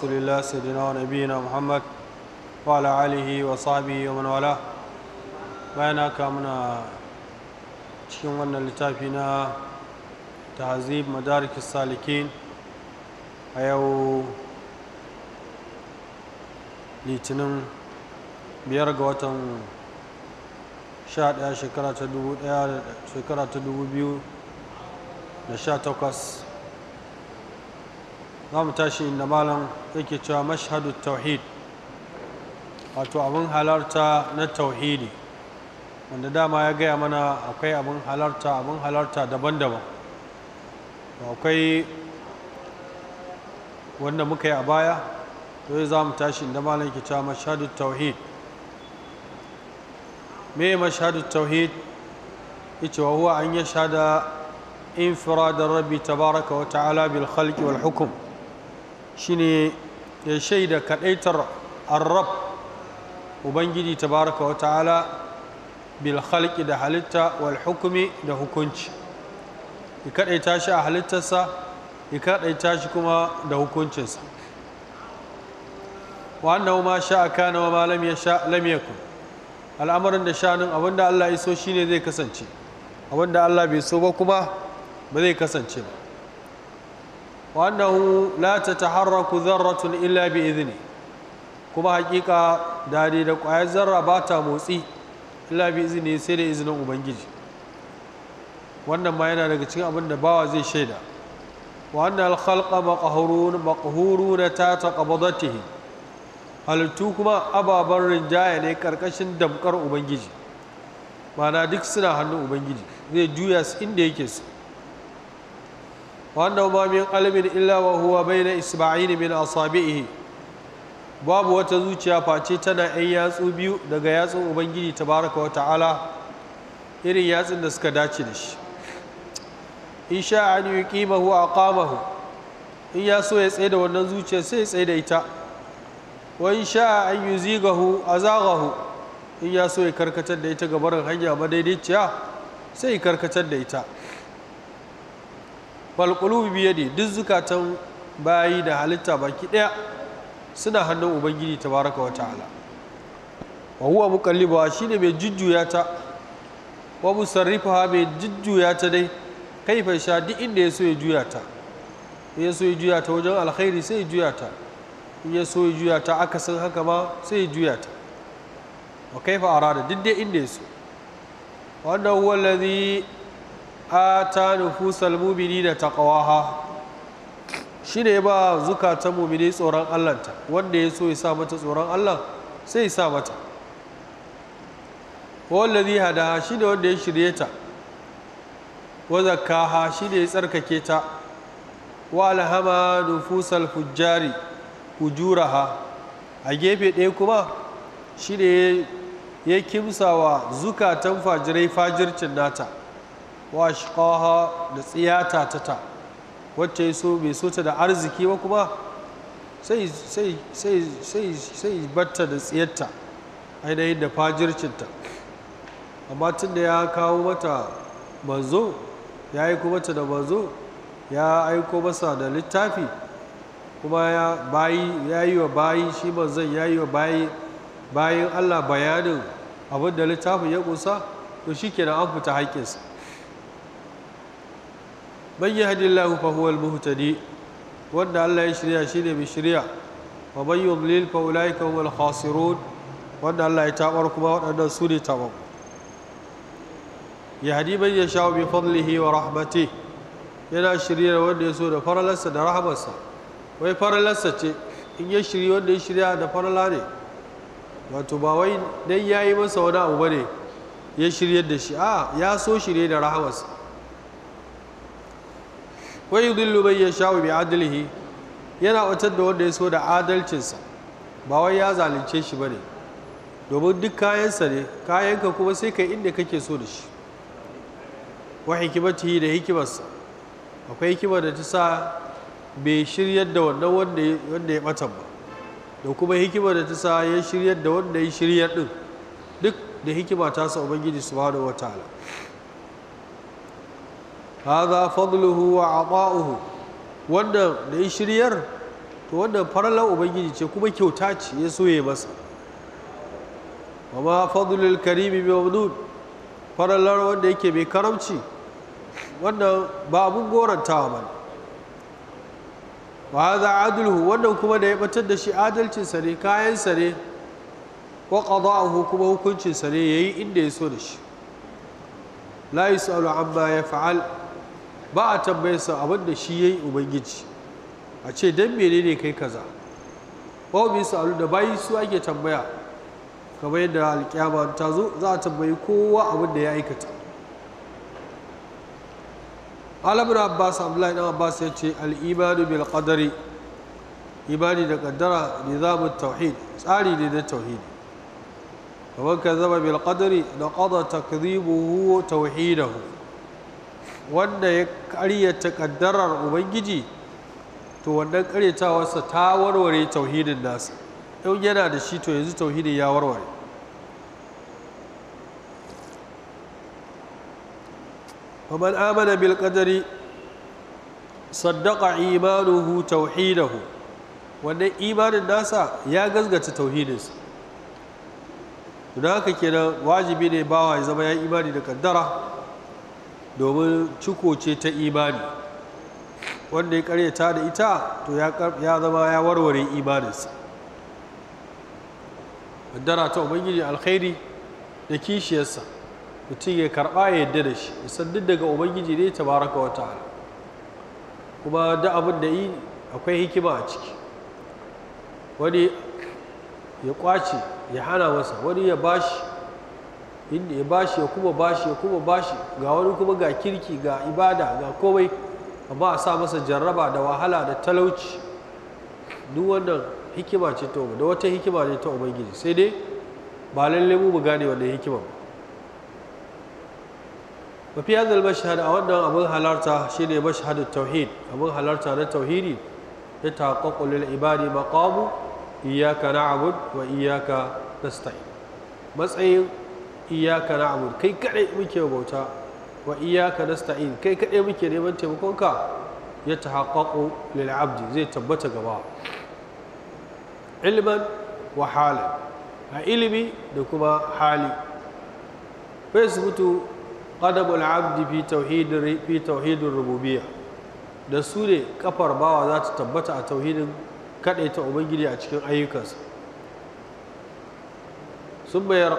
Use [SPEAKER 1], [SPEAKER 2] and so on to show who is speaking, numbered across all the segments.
[SPEAKER 1] رسول الله سيدنا ونبينا محمد وعلى آله وصحبه ومن والاه بينا كامنا cikin wannan littafi na tahazib madarik salikin a yau litinin biyar ga watan 11 shekara ta 2018 za mu tashi inda malam yake cewa mashhadu tauhid wato abin halarta na tauhidi wanda dama ya gaya mana akwai abin halarta abin halarta daban-daban akwai wanda muka yi a baya to za mu tashi inda malam yake cewa mashhadu tauhid me mashhadu tauhid yace wa huwa an yashhada infirad rabbi tabaraka wa ta'ala bil khalqi wal hukm shine ya shaida kadaitar arab ubangiji tabaraka wa ta'ala bil khalqi da halitta wal hukumi da hukunci ya kadaita shi a halittarsa ya kadaita shi kuma da hukuncinsa wa annahu ma sha'a kana wa ma lam yasha lam yakun al'amarin da shanin abinda Allah ya so shine zai kasance abinda Allah bai so ba kuma ba zai kasance ba wannan lantata haraku zarafin illabi izini kuma hakika dadi da ƙwayar zarra ba ta motsi illabi izini sai da izinin ubangiji wannan ma yana daga cikin abin da bawa zai shaida. wannan alkhalkha ma kahoruna ta taɓa zartike halittu kuma ababen rinjaya ne karkashin damkar ubangiji mana duk suna hannun ubangiji zai yi juya su inda yake su. وأنه ما من قلب إلا وهو بين إسماعيل من أصابعه babu wata zuciya face tana 'yan yatsu biyu daga yatsun ubangiji baraka wa ta'ala irin yatsun da suka dace da shi in sha an yi ƙimahu a ƙamahu in ya so ya tsaye da wannan zuciya sai ya tsaye da ita Wani in an yi zigahu a zagahu in ya so ya karkatar da ita ga barin hanya madaidaiciya sai karkatar da ita falqulubi biye ne duk zukatan bayi da halitta baki ɗaya suna hannun ubangiji baraka wa ta'ala wa huwa shi ne mai jujjuya ta wa ha mai jujjuya ta dai kaifa sha duk inda ya so ya juya ta in ya so ya juya ta wajen alkhairi sai ya juya ta in ya so ya juya ta akasin haka ma sai ya juya ta wa kaifa arada duk dai inda ya so wannan huwa alladhi ata nufusal mumini da taqwaha shi ne ba zukatan mumini tsoron Allahnta wanda ya so ya sa mata tsoron Allah sai ya sa mata wallazi hada shi ne wanda ya shirye ta wa zakkaha shi ne ya tsarkake ta wa alhama nufusal fujjari hujuraha a gefe ɗaya kuma shi ne ya wa zukatan fajirai fajircin nata wa ashqaha da tsiyata ta ta wacce so bai so ta da arziki ba kuma sai sai sai sai sai batta da tsiyarta ainihin da fajircinta amma tun da ya kawo mata manzo ya aiko mata da manzo ya aiko masa da littafi kuma ya bayi yi wa bayi shi manzon ya yi wa bayi bayin Allah bayanin abin da littafin ya ƙusa to shi kenan an fita haƙƙinsa من يهد الله فهو المهتدي ودع الله يشريع شيء بشريع ومن يضلل فأولئك هم الخاسرون ودع الله يتأمركم ودع السوري تمام يهدي من يشاء بفضله ورحمته yana shirya wanda ya so da faralarsa da rahamarsa wai faralarsa ce in ya shirya wanda ya shirya da wato ba wai dai ya yi masa wani abu ba ne ya shirya da shi a ya so shirye da rahamarsa wai yudillu bai yasha'u bi adlihi yana watar da wanda ya so da adalcinsa ba wai ya zalunce shi bane domin duk kayansa ne kayanka kuma sai kai inda kake so da shi wa hikimatihi da hikimarsa akwai hikimar da ta sa bai shiryar da wannan wanda ya matan ba da kuma hikimar da ta sa ya shiryar da wanda ya shiryar din duk da hikima ta sa ubangiji subhanahu wataala hadha fadluhu wa ata'uhu wanda da ya shiryar to wanda farallar ubangiji ce kuma kyauta ce ya soye masa amma fadlul karimi bi mamdud farallar wanda yake mai karamci wannan ba abun gorantawa ba wa hadha adluhu wannan kuma da ya batar da shi adalcinsa ne kayansa ne wa qada'uhu kuma hukuncinsa ne yayi inda ya so da shi la yusalu amma yaf'al ba a tambayarsa abin da shi ya yi ubangiji a ce don mene ne kai kaza ba mu alu da bayi su ake tambaya kamar yadda alƙiyama ta zo za a tambayi kowa abin da ya aikata alamun abbas abdullahi dan abbas ya ce al'imanu bil qadari imani da kaddara mu tauhid tsari ne na tauhidi kamar ka zama bil qadari da qada takdhibuhu tauhidahu wanda ya karyata kaddarar ubangiji to wannan karyatawarsa ta warware tauhidin nasa in yana da shi to yanzu tauhidin ya warware faman amana bil qadari saddaqa imanuhu tauhidahu wannan imanin nasa ya gazgata tauhidinsa don haka kenan wajibi ne bawa ya zama ya imani da kaddara domin ciko ce ta imani wanda ya karyata da ita to ya zama ya warware imaninsa kaddara ta ubangiji alkhairi da kishiyarsa mutum ya karɓa ya yadda da shi san duk daga ubangiji ne ta baraka wata kuma da abin da yi akwai hikima a ciki wani ya kwace ya hana masa wani ya bashi inda ya bashi ya kuma bashi ya kuma bashi ga wani kuma ga kirki ga ibada ga komai amma a sa masa jarraba da wahala da talauci duk wannan hikima ce ta da wata hikima ne ta ubangiji sai dai ba lalle mu mu gane wannan hikima ba mafi hadal mashhad a wannan abin halarta shine mashhadut tauhid abin halarta na tauhidi ya taƙaƙulil ibadi ibadi iyaka na abun wa iyaka nasta'in matsayin Iyaka na abu kai kadai muke bauta wa iyaka na sta'in kai kadai muke neman taimakonka ya tahaqqaqu lil abdi zai tabbata gaba ilman wa hali a ilimi da kuma hali bai su mutu abdi fi tauhidin Rububiya, da su ne kafar bawa za ta tabbata a tauhidin ta ubangiji a cikin ayyukansa sun bayar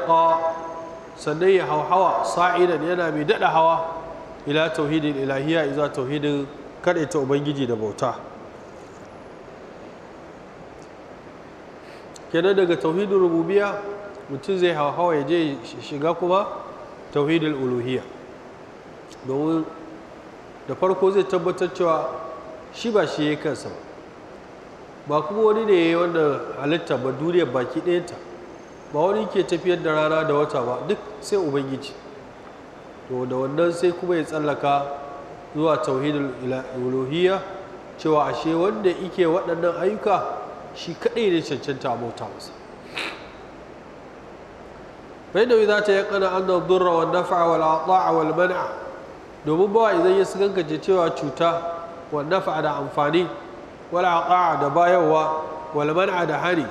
[SPEAKER 1] sannan ya hauhawa hawa sa'idan yana mai daɗa hawa ila tauhidin ilahiya iza tauhidin ta ubangiji da bauta kenan daga tauhidin rububiya mutum zai hau hawa ya je shiga kuma tauhidin uluhiya domin da farko zai tabbatar cewa shi ba shi ya kansa ba kuma wani ne wanda halitta ba duniyar baki ɗayanta ba wani ke tafiyar da rana da wata ba duk sai ubangiji to da wannan sai kuma ya tsallaka zuwa tauhidul uluhiyya cewa ashe wanda yake waɗannan ayyuka shi kaɗai ne cancanta a bauta masa da za ta yaqana an da durra wa nafa'a wal ata'a wal man'a domin bawa idan ya sakankance cewa cuta wa naf'a da amfani wal ata'a da bayarwa wal man'a da hari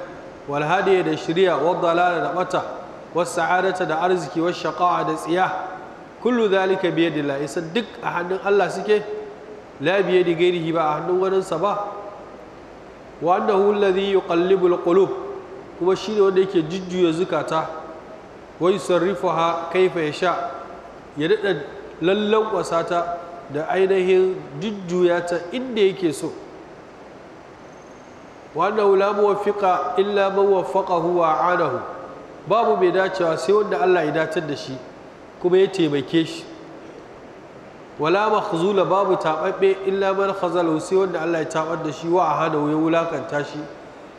[SPEAKER 1] wal hadi da shiriya wad dalala da bata was sa'adata da arziki was shaqa'a da tsiya kullu dhalika bi yadillah isa duk a hannun Allah suke la bi yadi ghairihi ba a hannun wani sa ba wa annahu alladhi yuqallibu al qulub kuma shine wanda yake jujjuya zukata wai sarrifaha kaifa yasha ya dada lallan wasata da ainihin jujjuya ta inda yake so wannan la muwaffiqa illa man waffaqahu wa anahu babu mai dacewa sai wanda Allah ya datar da shi kuma ya taimake shi wala mahzula babu taɓaɓe illa man khazalahu sai wanda Allah ya taɓar da shi wa ahadahu ya wulakanta shi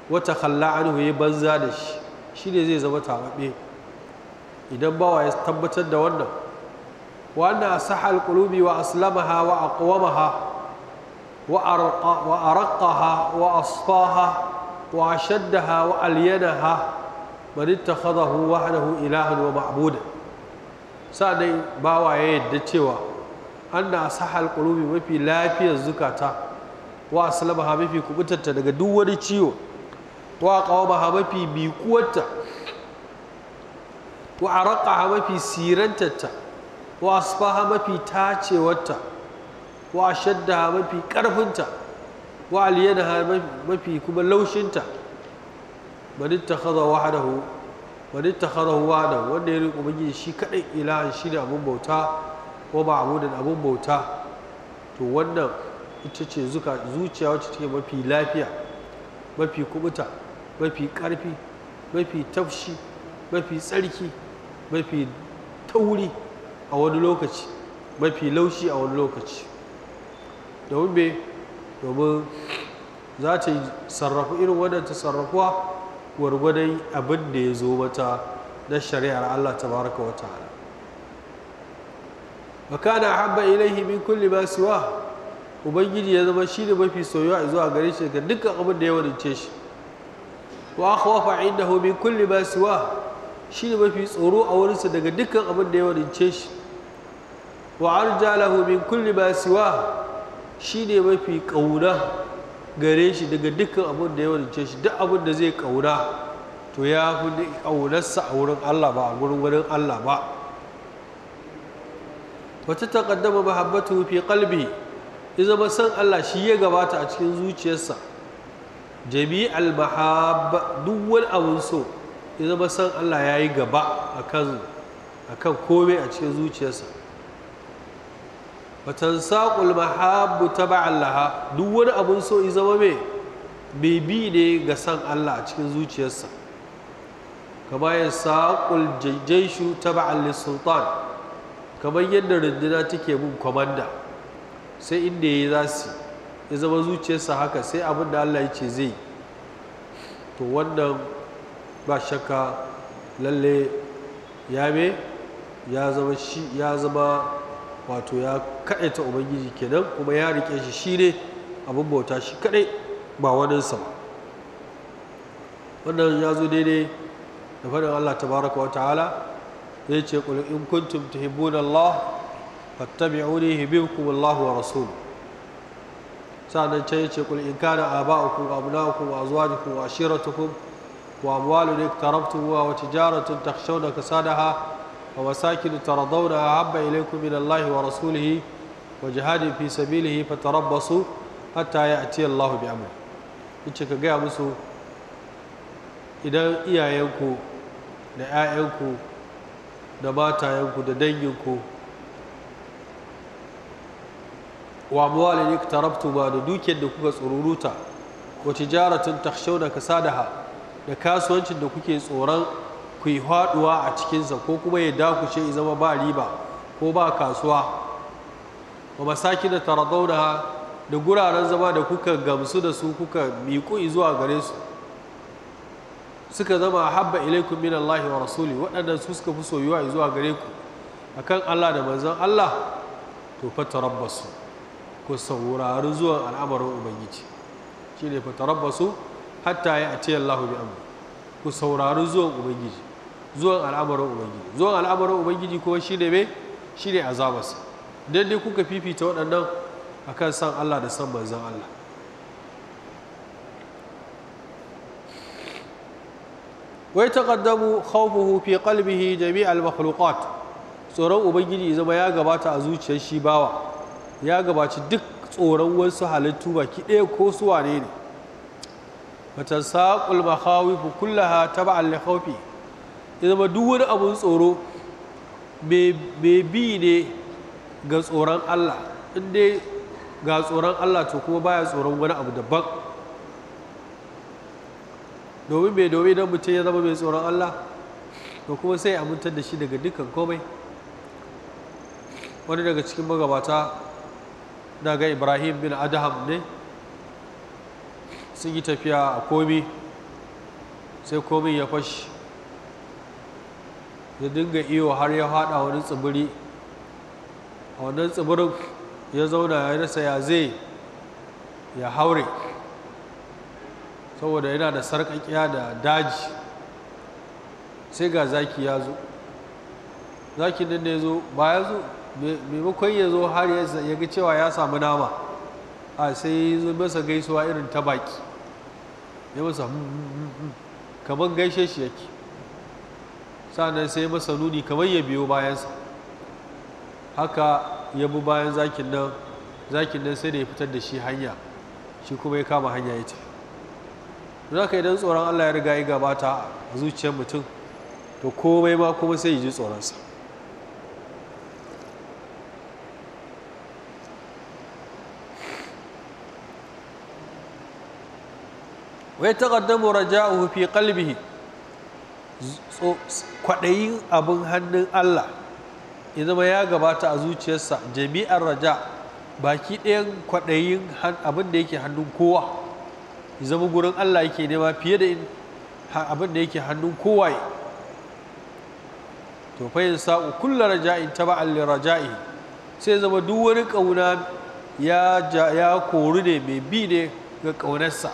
[SPEAKER 1] wata khalla anhu ya banza da shi shine zai zama taɓaɓe. idan bawa ya tabbatar da wannan wa a sahal qulubi wa aslamaha wa aqwamaha وأرق وأرقها وأصفاها وأشدها وألينها من اتخذه وحده إلها ومعبودا سأني باوا يد تشوى أن أصح القلوب مفي لا في الزكاة وأسلمها مفي كبتة دون تشيو وأقومها مفي بيقوة وأرقها مفي سيرنتة وأصفاها مفي تاتي وتا wa shadda mafi karfinta wa aliyanaha mafi kuma laushinta man ittakhadha wahdahu man wa wahdahu wanda ya riƙo ubangiji shi kadai ilahan shi ne abun bauta ko ba da abun bauta to wannan ita ce zuka zuciya wacce take mafi lafiya mafi kubuta mafi ƙarfi mafi tafshi mafi tsarki mafi tauri a wani lokaci mafi laushi a wani lokaci da wube domin za ta sarrafu irin wadanta sarrafuwa gwargwadon abin da ya zo mata na shari'ar Allah ta baraka wa ta'ala ka kana haɓa ilaihi min kulli ma siwa ubangiji ya zama shi ne mafi soyuwa zuwa gare shi daga dukkan abin da ya wadance shi wa akhwafa indahu min kulli ma siwa shi ne mafi tsoro a wurinsa daga dukkan abin da ya wadance shi wa arja lahu min kulli ma siwa shi ne mafi ƙauna gare shi daga dukkan abin da ya wadance shi duk abin da zai ƙauna to ya fi ƙaunarsa a wurin Allah ba a wurin wurin Allah ba wata taƙaddama mahabbatu fi qalbi ya zama san Allah shi ya gabata a cikin zuciyarsa jami'al mahabba duk wani abin so ya zama san Allah ya yi gaba akan komai a cikin zuciyarsa saƙul mahabbu ta laha duk wani abun so yi zama mai bai bi ne ga san Allah a cikin zuciyarsa kama ya ta jayshu taba'an sultan kamar yadda runduna take mun kwamanda sai inda yi za su ya zama zuciyarsa haka sai abin da Allah ya ce zai to wannan ba shakka lalle ya me ya zama wato ya kaɗaita ubangiji kenan kuma ya riƙe shi shi ne abin bauta shi kaɗai ba waninsa ba wannan ya zo daidai da faɗin Allah tabaraka wa ta'ala zai ce ƙulun in kuntum hibbun Allah fattabi'uni kuma Allah wa rasul ya ce yace qul in kana aba'ukum wa abna'ukum wa ne wa ashiratukum wa amwalun iktarabtumuha wa tijaratun ka kasadaha ومساكن ترضونها أحب إليكم من الله ورسوله وجهاد في سبيله فتربصوا حتى يأتي الله بأمره yace ka gaya musu idan iyayenku da 'ya'yanku da matayenku da danginku wa amwalin iktarabtuma da dukiyar da kuka tsururuta wa da takhshawna kasadaha da kasuwancin da kuke tsoron ku yi haɗuwa a cikinsa ko kuma ya dakushe ya zama ba riba ko ba kasuwa ba masaki da taradau da da guraren zama da kuka gamsu da su kuka miƙu zuwa gare su suka zama habba ilaikum min Allah wa rasuli waɗannan su suka fi soyuwa zuwa gare ku akan Allah da manzon Allah to fa tarabbasu ku saurari zuwan al'amarin ubangiji shine fa tarabbasu hatta ya atiya Allah bi amri ku saurari zuwan ubangiji zuwan al'amarin ubangiji zuwan al'amarin ubangiji kuma shi ne mai shi ne azabarsa don dai kuka fifita waɗannan a kan san allah da san manzan allah wai ta taƙaddamu khawfuhu fi jami al makhluqat tsoron ubangiji zama ya gabata a zuciyar shi bawa ya gabaci duk tsoron wasu halittu baki ɗaya ko su ne ne fatasaqul makhawifu kullaha ta li khawfihi ya zama duk wani abun tsoro mai bi ne ga tsoron Allah inda ga tsoron Allah to kuma baya tsoron wani abu daban domin mai domin don mutum ya zama mai tsoron Allah to kuma sai amintar da shi daga dukkan komai wani daga cikin magabata daga ibrahim bin adham ne sun yi tafiya a komi sai komin ya fashi ya dinga iyo har ya haɗa wani tsibiri a wannan tsibirin ya zauna ya rasa ya zai ya haure saboda yana da sarƙaƙiya da daji sai ga zaki ya zo zaki nan ne zo ba ya zo maimakon ya zo har ya ga cewa ya samu nama a sai ya zo masa gaisuwa irin ta baki ya masa hmm, hmm, hmm, kamar gaishe shi yake sannan sai masa nuni kamar ya biyo bayansa haka ya bi bayan zakin nan zakin nan sai da ya fitar da shi hanya shi kuma ya kama hanya ya ce za ka idan tsoron Allah ya riga ya gabata a zuciyar mutum to komai ma kuma sai ya ji tsoronsa wai taƙaddamu raja'uhu fi qalbihi kwaɗayin abin hannun Allah ya zama ya gabata a zuciyarsa jami'ar raja baki ɗayan kwaɗayin abin da yake hannun kowa ya zama gurin Allah yake nema fiye da abin da yake hannun kowa to fa sa'u kulla raja'in ba raja raja'i sai zama duk wani ƙauna ya kori ne mai bi ne ga ƙaunarsa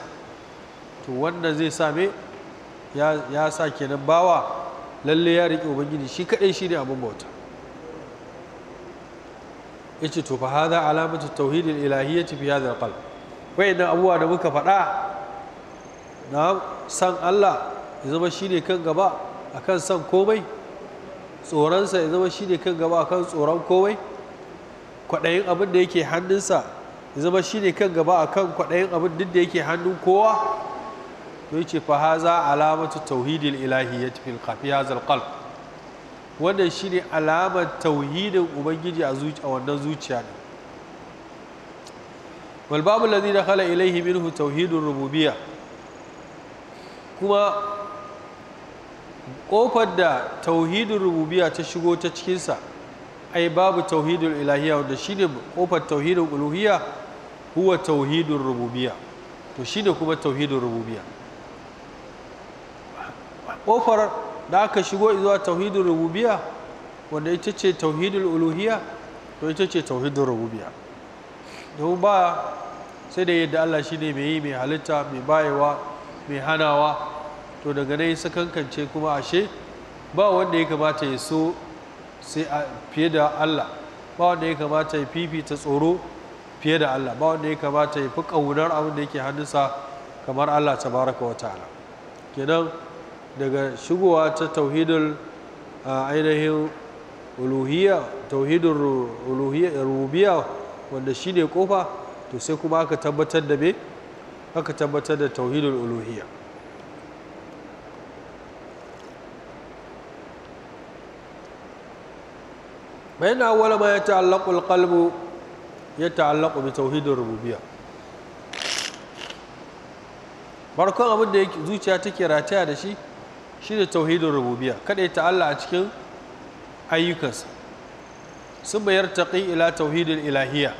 [SPEAKER 1] to wanda zai same ya sa kenan bawa lalle ya riƙe ubangiji shi kaɗai shi ne abin bauta yace to fa hadha alamatu tauhidil ilahiyyati fi hadha alqalb wayannan abubuwa da muka faɗa na san Allah ya zama shine kan gaba akan san komai tsoronsa ya zama shine kan gaba akan tsoron komai kwaɗayin abin da yake hannunsa ya zama shine kan gaba akan kwaɗayin abin duk da yake hannun kowa to yace fa haza alamatu tauhidil ilahiyyati fil qafi hazal qalb wannan shine alamar tauhidin ubangiji a zuciya wannan zuciya ne wal babu alladhi dakhala ilayhi minhu tauhidur rububiyya kuma kofar da tauhidin rububiya ta shigo ta cikinsa ai babu tauhidin ilahiya wanda shi ne kofar tauhidin uluhiya huwa tauhidin rububiya to shi ne kuma tauhidin rububiya kofar da aka shigo zuwa tauhidin rububiya wanda ita ce tauhidul uluhiya to ita ce tauhidin rububiya domin ba sai da yadda Allah shi ne mai yi mai halitta mai bayewa mai hanawa to daga nan kankance kuma ashe ba wanda ya kamata ya so sai fiye da Allah ba wanda ya kamata ya fifita tsoro fiye da Allah ba wanda ya kamata ya fi ƙaunar abin da yake hannunsa kamar Allah ta wa ta'ala kenan daga shigowa ta tauhidul ainihin uluhiyya tauhidul rubiya wanda ne kofa to sai kuma aka tabbatar da me aka tabbatar da tauhidul uluhiyya bayan awwala ma ya ta'allaqu al ya ta'allaqu bi tauhidur rububiyya barkon abin da zuciya take rataya da shi shine tauhidin rububiyya ta Allah a cikin ayyukansa sun bayar taqi ila tauhidin ilahiyya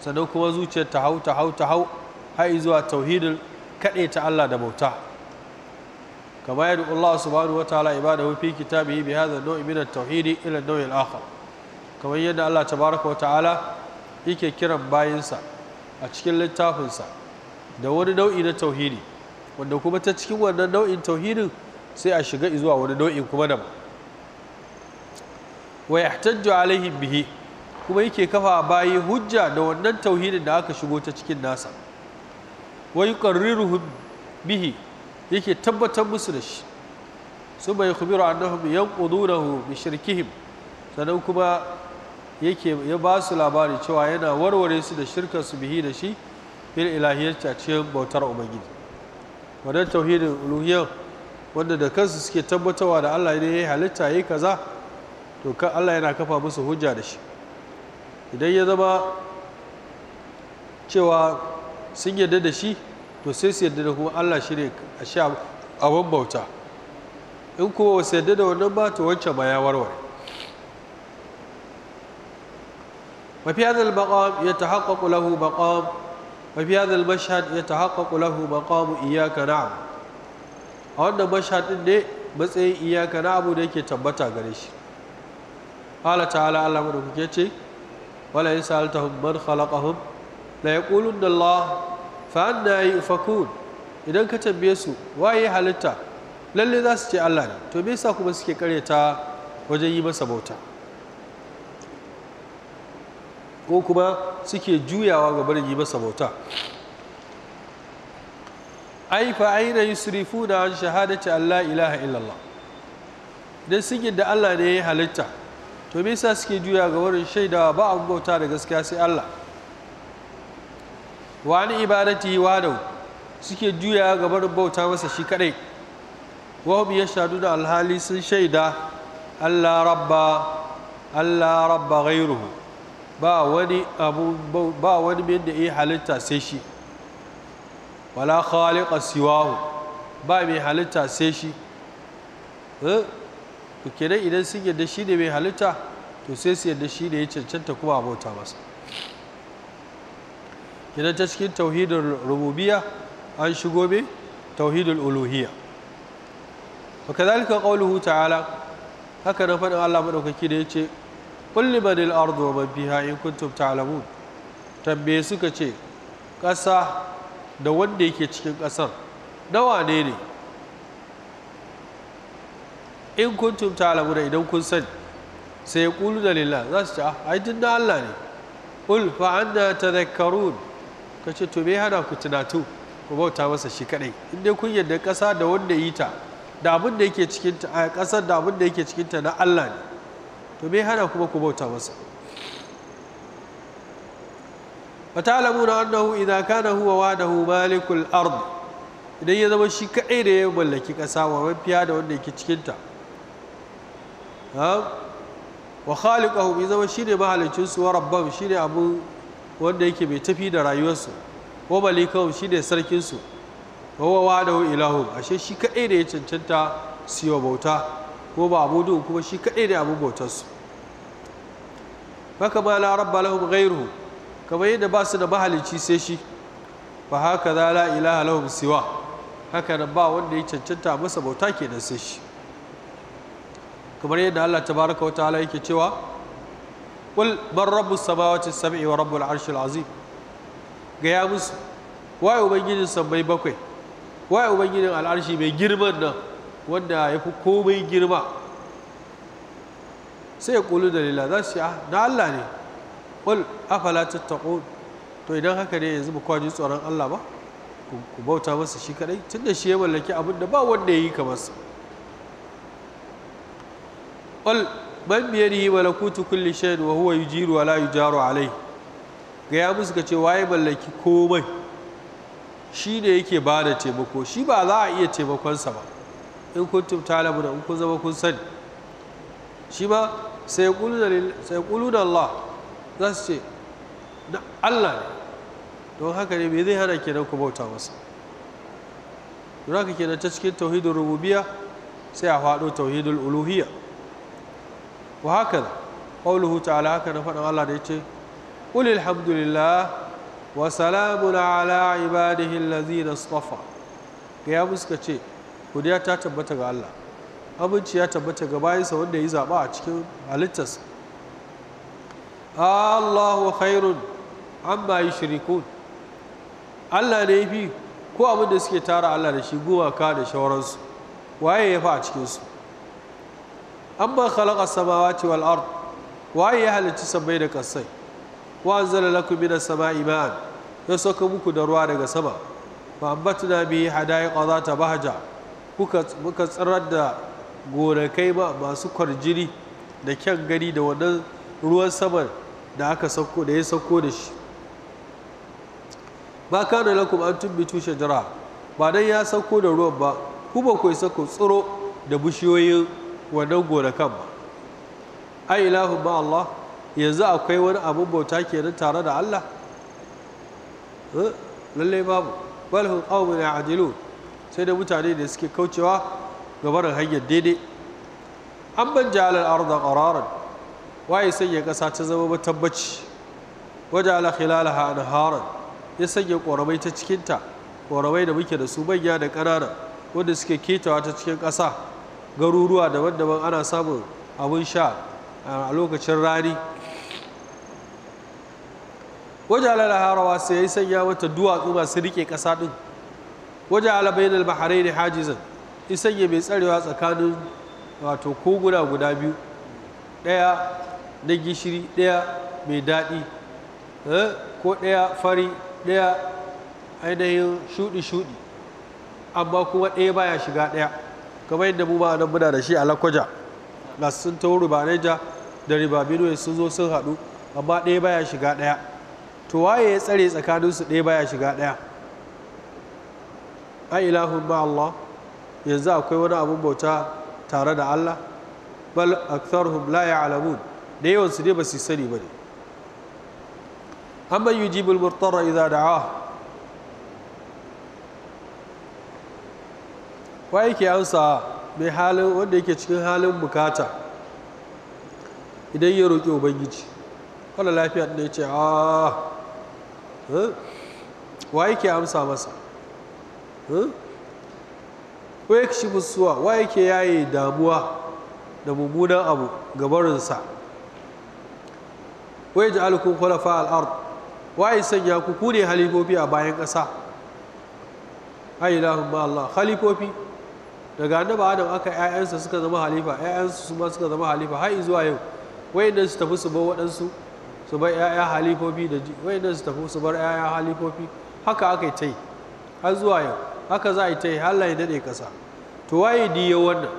[SPEAKER 1] sannan kuma zuciyar ta hau ta hau ta hau har zuwa tauhidin ta Allah da bauta kama yadda Allah subhanahu wa ta'ala ibadahu fi kitabihi bi hadha nau'i min at-tauhid ila an al-akhar kamar yadda Allah tabaraka wa ta'ala yake kiran bayinsa a cikin littafinsa da wani nau'i na tauhidi wanda kuma ta cikin wannan nau'in tauhidin sai a shiga zuwa wani nau'in kuma daban wa yahtajju alaihi bihi kuma yake kafa bayi hujja da wannan tauhidin da aka shigo ta cikin nasa wa yuqarriruhum bihi yake tabbatar musu da shi su yan yukhbiru annahum yanqudunahu bi shirkihim sannan kuma yake ya ba su labari cewa yana warware su da shirkar su bihi da shi bil ilahiyyar cikin bautar ubangiji wannan tauhidin uluhiyyar wanda da kansu suke tabbatarwa da Allah ne ya halitta yi kaza to kan Allah yana kafa musu hujja da shi idan ya zama cewa sun yarda da shi to sai su yarda da kuma Allah shi ne a sha abin bauta in kuma wasu yarda da wannan ba to wancan ba ya warware mafi hadha al-maqam yatahaqqaqu lahu maqam mafi hadha al-mashhad yatahaqqaqu lahu maqam iyyaka a wanda mashadin ne matsayin iyaka na abu da yake tabbata gare shi qala ta'ala Allah madaukake ce wala in sa'altahum man khalaqahum la yaqulunna Allah fa anna yufakun idan ka tambaye su waye halitta lalle za su ce Allah ne to me yasa kuma suke karyata wajen yi masa bauta ko kuma suke juyawa ga barin yi masa bauta ai fa aina yusrifu da an shahadati Allah ilaha illallah dan suke da Allah ne ya halitta to me yasa suke juya ga wurin shaidawa ba a bauta da gaskiya sai Allah wa ni ibadati da suke juya ga barin bauta masa shi kadai wa hum da alhali sun shaida Allah rabba Allah rabba ghayruhu ba wani abu ba wani da ya halitta sai shi wala khaliqa siwahu ba mai halitta sai shi eh? to kenan idan sun yadda shi ne mai halitta to sai su yadda shi ne ya cancanta kuma a bauta masa Idan ta cikin tauhidin rububiya an shigo mai tauhidul uluhiyya wa kadhalika qawluhu ta'ala haka na faɗin Allah madaukaki da yace qul limanil ardu wa man fiha in kuntum ta'lamun tambaye suka ce ƙasa da wanda yake cikin ƙasar nawa ne ne in kun tumta da idan kun sani sai ya ƙulu da lillah za su ce a ah, ai din da Allah ne ul ta anna ka ce to me hana ku tunatu ku bauta masa shi kadai in dai kun yadda ƙasa da wanda yi ta da abin da yake cikin ta ƙasar da abin da yake cikin ta na Allah ne to me hana kuma ku bauta masa Fatalamo na wannahu idan ka na huwa-wadahu malakul'ar mu. Idan ya zama shi kaɗai da ya yi wa mallaki ƙasa, wa mafiya da wanda ya ki cikinta. Wakhalin Ahubwo ya zama shi ne mahalicci su, wa Raba'u shi ne abu wanda yake mai tafi da rayuwarsu. Wamalikamu shi ne sarkinsu, wa wawa na hu Ilahoma ashe shi kaɗai da ya cancanta suyi bauta. Wabu Abudu kuma shi kaɗai da abu bautar kamar yadda ba su da mahalicci sai shi ba haka za la ilaha lahum siwa haka da ba wanda ya cancanta masa bauta ke sai shi kamar yadda Allah tabaraka wa ta'ala yake cewa qul man rabbus samawati sab'i wa rabbul arshil azim ga ya musu waye ubangijin sammai bakwai waye ubangijin al'arshi mai girman nan wanda ya fi komai girma sai ya kulu dalila za su ce ah, na Allah ne qul afala tattaqun to idan haka ne yanzu ba kwaji tsoron Allah ba ku bauta masa shi kadai tunda shi ya mallaki abin da ba wanda ya yi kamar sa qul man bi yadihi malakutu kulli shay'in wa huwa yujiru wa la yujaru alayhi ga ya musu ce waye mallaki komai shi ne yake ba da taimako shi ba za a iya taimakonsa ba in kuntum talabu da in kun zama kun sani shi ba sai kulu da Allah za su ce na Allah ne don haka ne bai zai hana kenan ku bauta masa don haka kenan ta cikin tauhidin rububiya sai a faɗo tauhidin uluhiyya wa haka qawluhu ta'ala haka na faɗin Allah da ce. qul alhamdulillah wa salamun ala ibadihi allazina istafa ga ya muska ce godiya ta tabbata ga Allah abinci ya tabbata ga bayinsa wanda ya zaba a cikin halittarsa Allahu khairun amma yushrikun Allah ne fi ko abin da suke tara Allah da shi gumaka da shawararsu. waye ya fa a cikinsu an amma khalaka samawati wal ard waye ya halarci sabai da kasai wa anzala lakum minas sama iman? ya saka muku da ruwa daga sama fa bi bihi ƙaza ta bahja kuka tsirar da gonakai masu kwarjiri da kyan gani da wannan ruwan saman da aka sauko da ya sauko da shi ba da lakum an tushe shajara ba dan ya sauko da ruwan ba ku ba ku sauko tsoro da bishiyoyin wannan kan ba ai ilahu ba Allah yanzu akwai wani abu bauta kenan tare da Allah eh, lallai babu bal hum qaumun sai da mutane da suke kaucewa gabarin hanyar daidai an ban jalar arda qararan waye sanya kasa ta zama matabbaci waje ala khilalaha anharan ya sanya ƙoramai ta cikinta ƙoramai da muke da su manya da ƙanana wanda suke ketawa ta cikin kasa garuruwa daban-daban ana samun abun sha a lokacin rani waje ala laharawa sai ya sanya mata duwatsu masu riƙe ƙasa ɗin waje ala bainal bahrain hajizan ya sanya mai tsarewa tsakanin wato koguna guda biyu ɗaya na gishiri ɗaya mai daɗi eh, ko ɗaya fari ɗaya ainihin shuɗi-shuɗi amma kuma ɗaya baya shiga ɗaya kamar yadda mu ba nan muna da shi a lakwaja ga sun ba rubaneja da riba benue sun zo sun haɗu amma ɗaya baya shiga ɗaya to waye ya tsare tsakanin su ɗaya baya shiga ɗaya a ilahun ba Allah yanzu akwai wani abin bauta tare da Allah bal aktharhum la ya'lamun da yawan su dai ba su sani ba ne amma yujibul murtarra da da'a wa yake ansa mai halin wanda yake cikin halin bukata idan ya roƙi ubangiji wala lafiya da ya ce a ah. wa yake amsa masa wa yake shi musuwa wa yake yaye damuwa da mummunan abu gabarinsa wa yaj'alukum khulafa al-ard wa sanya ku ku ne halifofi a bayan ƙasa ai ilahum ma Allah halifofi daga annabi adam aka ƴaƴansa suka zama halifa ƴaƴansu su ma suka zama halifa har zuwa yau wayannan su tafi su bar waɗansu su bar ƴaƴa halifofi da wayannan su tafi su bar ƴaƴa halifofi haka aka yi ta yi har zuwa yau haka za a yi ta yi Allah ya daɗe ƙasa to waye diyo wannan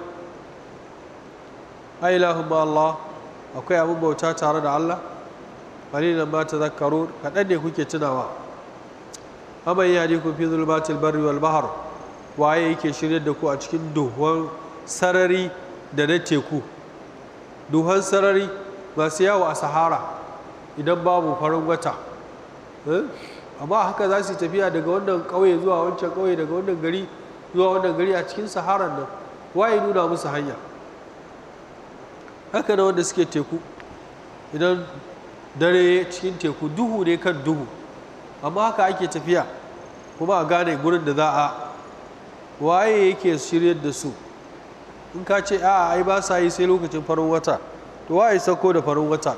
[SPEAKER 1] ai ilahum ma Allah akwai abin bauta tare da Allah qalilan ma tadhakkarun kadan ne kuke tunawa amma ku fi dhulumatil barri wal bahr waye yake shiryar da ku a cikin duhun sarari da na teku duhan sarari masu yawo a sahara idan babu farin wata eh? amma haka za su tafiya daga wannan ƙauye zuwa wancan ƙauye daga wannan gari zuwa wannan gari a cikin sahara nan waye nuna musu hanya haka na wanda suke teku idan dare cikin teku duhu ne kan duhu amma haka ake tafiya kuma a gane gurin da za a waye yake shiryar da su in ka ce a ai ba sa yi sai lokacin farin wata to waye sako da farin wata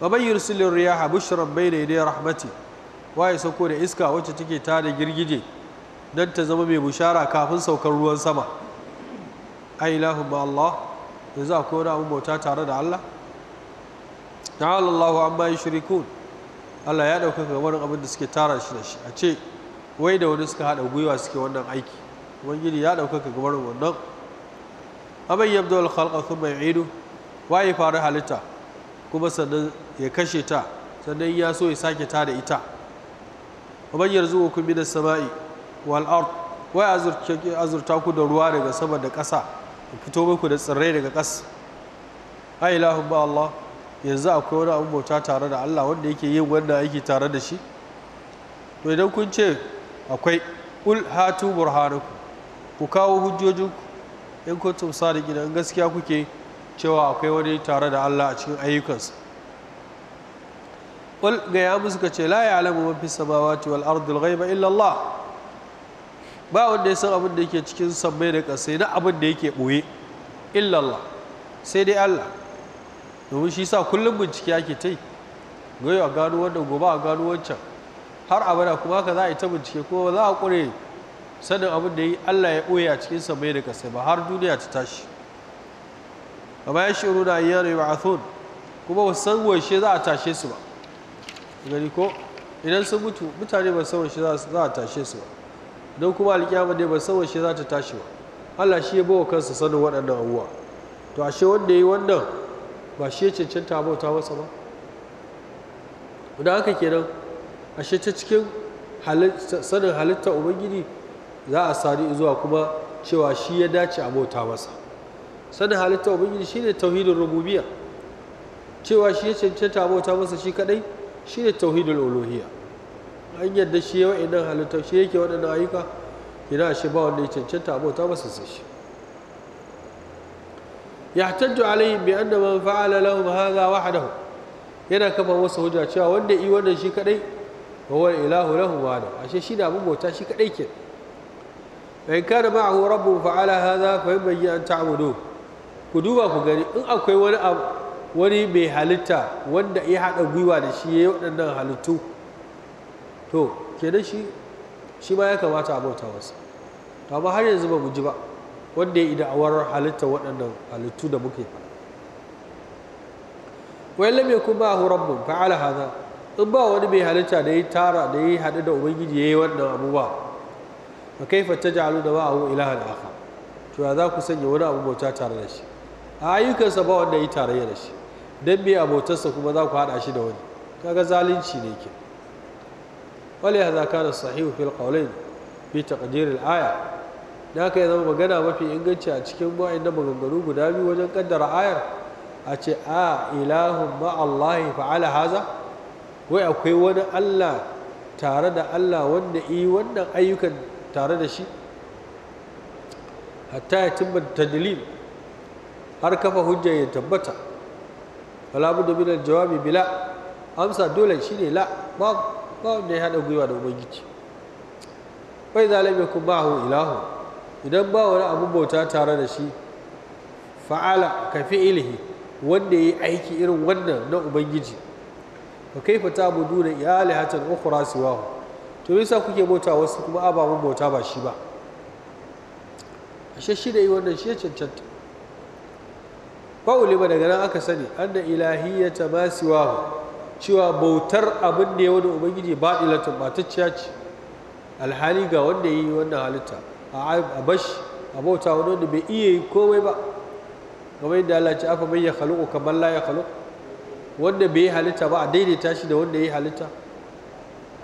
[SPEAKER 1] wa man yursilir riyaha bushran bayna yaday rahmati waye sako da iska wacce take da girgije dan ta zama mai bushara kafin saukar ruwan sama ai ilahu ba Allah yanzu akwai wani abin tare da Allah ta'ala Allahu amma yushrikun Allah ya dauka ga abin da suke tara shi da shi a ce wai da wani suka hada gwiwa suke wannan aiki ubangiji ya dauka ga wani wannan abai yabdu al khalqa thumma yu'idu wa ya fara halitta kuma sannan ya kashe ta sannan ya so ya sake ta da ita wa yarzuqukum kun da sama'i wal ard azurta ku da ruwa daga sama da ƙasa fito maku da tsirrai daga ƙasa ai ba Allah yanzu akwai wani abu bauta tare da Allah wanda yake yin wannan aiki tare da shi to idan kun ce akwai ul hatu burhanuku ku kawo hujjojinku in kuntum da gidan gaskiya kuke cewa akwai wani tare da Allah a cikin ayyukansa ul ga ya musu ka ce la alamu man fi samawati wal ardi al ghaiba illa Allah ba wanda ya san abin da yake cikin sammai da kasai na abin da yake boye illa Allah sai dai Allah domin shi sa kullum bincike ake ta yi goyo a gano wanda gobe a gano wancan har abada kuma haka za a yi ta bincike ko za a ƙure sanin abin da ya yi Allah ya ɓoye a cikin samai da kasai ba har duniya ta tashi a ya shiru da ayyar yi ba'athun kuma ba san washe za a tashe su ba gani ko idan sun mutu mutane ba san washe za a tashe su ba don kuma alƙiyama ne ba san washe za ta tashi ba Allah shi ya bawa kansa sanin waɗannan abubuwa to ashe wanda ya yi wannan ba shi ya cancanta bauta masa ba da haka kenan ashe ta cikin sanin halitta ubangiji za a sani zuwa kuma cewa shi ya dace a bauta masa sanin halitta ubangiji ne tauhidin rububiya cewa shi ya cancanta a bauta masa shi kadai ne tauhidin olohiya an yadda shi ya nan halitta shi yake waɗannan ayyuka kina shi ba wanda ya cancanta a bauta masa sai shi yahtajju alayhi bi anna man fa'ala lahu hadha wahdahu yana kafa wasu hujja cewa wanda yi wannan shi kadai huwa ilahu lahu wahdahu ashe shi da abun bauta shi kadai ke in kana ma'ahu rabbu fa'ala hadha fa yabghi an ta'budu ku duba ku gani in akwai wani abu wani mai halitta wanda ya hada gwiwa da shi ya yi halittu to kenan shi shi ba ya kamata a bauta wasu to amma har yanzu ba mu ji ba wanda ya yi da'awar halitta waɗannan halittu da muke faɗa wai lam yakun ma hu rabbun fa'ala hadha in ba wani mai halitta da ya tara da ya haɗu da ubangiji ya yi wannan abubuwa fa kaifa taj'alu da ma'ahu ilahan akhar to ya za ku sanya wani abu bauta tare da shi a ayyukansa ba wanda ya tarayya da shi dan me abotarsa kuma za ku haɗa shi da wani kaga zalunci ne ke wale hadha kana sahihu fil qawlain bi taqdir al aya da haka ya zama magana mafi inganci a cikin wa'in na maganganu guda biyu wajen kaddara ayar a ce a ilahun ma'allahi fa'ala haza wai akwai wani allah tare da allah wanda yi wannan ayyukan tare da shi hatta ya timma tadlil har kafa hujja ya tabbata wala da min aljawabi bila amsa dole shine la ba ba wanda ya hada gwiwa da ubangiji bai zalim yakun hu ilahu idan ba wani abu bauta tare da shi fa'ala ka ilhi wanda ya aiki irin wannan na ubangiji Ba kai fa kaifa ta'buduna ilahatan ukhra siwahu to nisa kuke bauta wasu kuma ababen bauta ba shi ba ashe shi da yi wannan shi ya cancanta fa'uli ba daga nan aka sani anna ilahiyyata ma siwahu cewa bautar abin da ya wani ubangiji ba ilatun ba ta ciyaci. alhali ga wanda yi wannan halitta a bashi a bauta wani wanda bai iya yi komai ba kamar da Allah ce afa ya khaluqu kamar la ya khaluq wanda bai halitta ba a daidaita shi da wanda ya halitta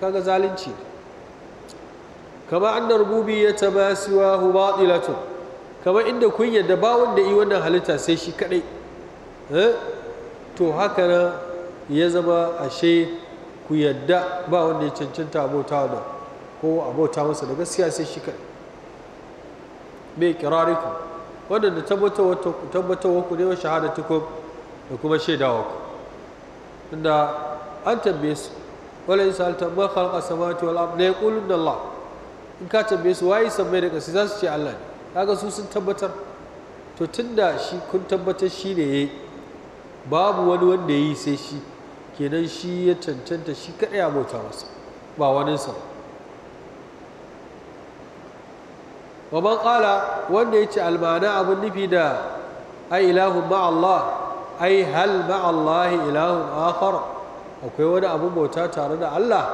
[SPEAKER 1] kaga zalunci kama anna rububiyyata ma siwahu batilatu kama inda kun yadda ba wanda yi wannan halitta sai shi kadai eh? to haka ne ya zama ashe ku yadda ba wanda ya cancanta abota da ko abota masa da gaskiya sai shi kadai bi iqrarikum wadanda tabbatawa ku tabbatawa ku ne wa shahadatukum da kuma shaidawa ku inda an tambaye su wala in sa'alta ma khalaqa samawati wal ardi yaquluna Allah in ka tambaye su waye sammai da ƙasa za su ce Allah ne kaga su sun tabbatar to tunda shi kun tabbatar shi ne babu wani wanda ya yi sai shi kenan shi ya cancanta shi kaɗai a bauta masa ba waninsa ba wa man wanda ya ci almana abun nufi da ai ilahun ma Allah ai hal ma Allah akwai wani abun bauta tare da Allah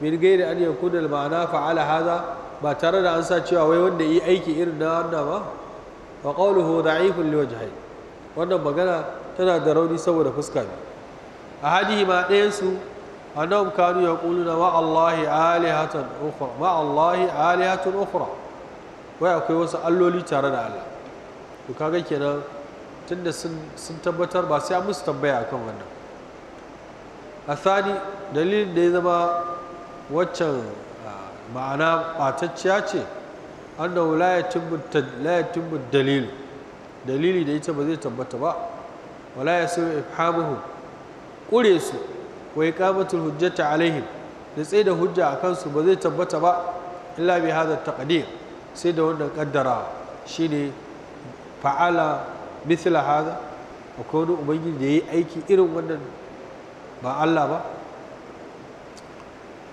[SPEAKER 1] min gairi an yakuna ma'ana fa'ala hadha ba tare da an sa cewa wai wanda yi aiki irin na wannan ba wa qawluhu da'ifun liwajhi wannan magana tana da rauni saboda fuska ne ahadihi ma ɗayan su annahum kanu yaquluna ma Allah alihatan ukhra ma Allah alihatan ukhra wai akwai wasu alloli tare da Allah to kaga kenan tunda sun tabbatar ba sai musu tambaya akan wannan athani dalilin da ya zama waccan ma'ana batacciya ce annahu la yatimmu dalil dalili da ita ba zai tabbata ba wala yasiru ifhamuhu ƙure su wa iqamatul hujjata alaihim da tsaye da hujja a kansu ba zai tabbata ba illa bi hadha taqdir sai da wannan kaddara shi ne fa'ala mithla haza? akwai wani ubangiji da ya yi aiki irin wannan ba Allah ba